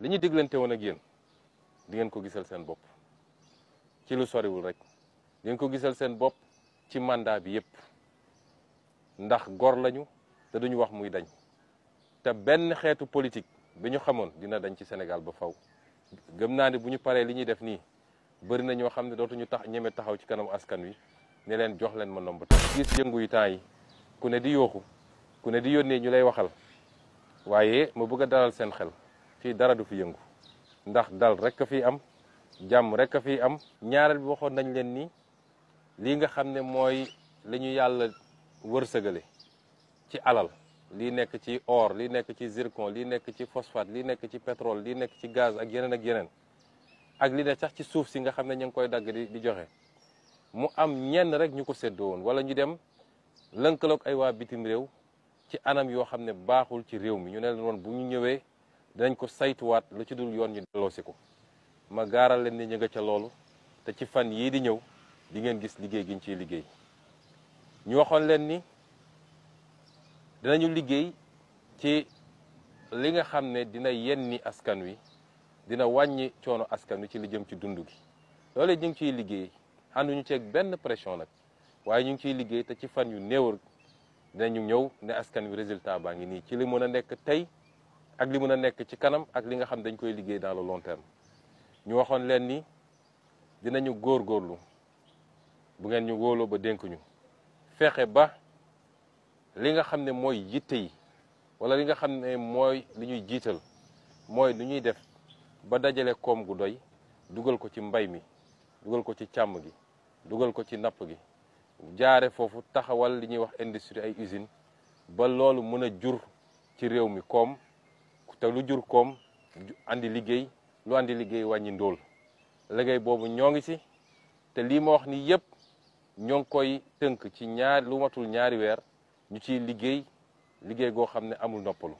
li ñu diglante woon ak yéen di ngeen ko gisal seen bopp ci lu soriwul rek di ngeen ko gisal seen bopp ci mandat bi yépp ndax gor lañu te duñu wax muy dañ te benn xeetu politique bi ñu xamoon dina dañ ci Sénégal ba faw gëm naa ne bu ñu paree def na ñoo tax taxaw ci askan wi leen jox leen ma gis ku ne di yooxu ku ne di yónnee ñu lay waxal ma bëgg dalal seen xel fii dara du fi yëngu ndax dal rek a fi am jàmm rek a fi am ñaareel bi waxoon nañ leen nii lii nga xam ne mooy li ñu yàlla wërsëgale ci alal lii nekk ci or lii nekk ci zircon lii nekk ci phosphate lii nekk ci pétrole lii nekk ci gaz ak yeneen ak yeneen ak li ne sax ci suuf si nga xam ne ñu ngi koy dagg di joxe mu am ñenn rek ñu ko sedd woon wala ñu dem lënkaloog ay waa bitim réew ci anam yoo xam ne baaxul ci réew mi ñu ne leen woon bu ñu ñëwee dinañ ko saytuwaat lu ci dul yoon ñu delloosi ko ma gaaral leen ni ñu nga ca loolu te ci fan yii di ñëw di ngeen gis liggéey gi ñu ciy liggéey ñu waxoon leen ni dinañu liggéey ci li nga xam ne dina yenni askan wi dina wàññi coono askan wi ci li jëm ci dund gi loole ñu ngi ciy liggéey ànduñu ceeg benn pression nag waaye ñu ngi ciy liggéey te ci fan yu néewar dinañu ñëw ne askan wi résultat baa ngi nii ci li mën a nekk tey ak li mën a nekk ci kanam ak li nga xam ne dañ koy liggéey dans le long terme ñu waxoon leen ni dinañu góorlu bu ngeen ñu wóoloo ba dénk ñu fexe ba li nga xam ne mooy yitte yi wala li nga xam ne mooy li ñuy jiital mooy lu ñuy def ba dajale koom gu doy dugal ko ci mbay mi dugal ko ci càmm gi dugal ko ci napp gi jaare foofu taxawal li ñuy wax industrie ay usine ba loolu mën a jur ci réew mi koom te lu jur koom andi liggéey lu andi liggéey wàññi ndóol liggéey boobu ñoo ngi ci te lii ma wax ni yëpp ñoo ngi koy tënk ci ñaar lu matul ñaari weer ñu ciy liggéey liggéey goo xam ne amul noppalu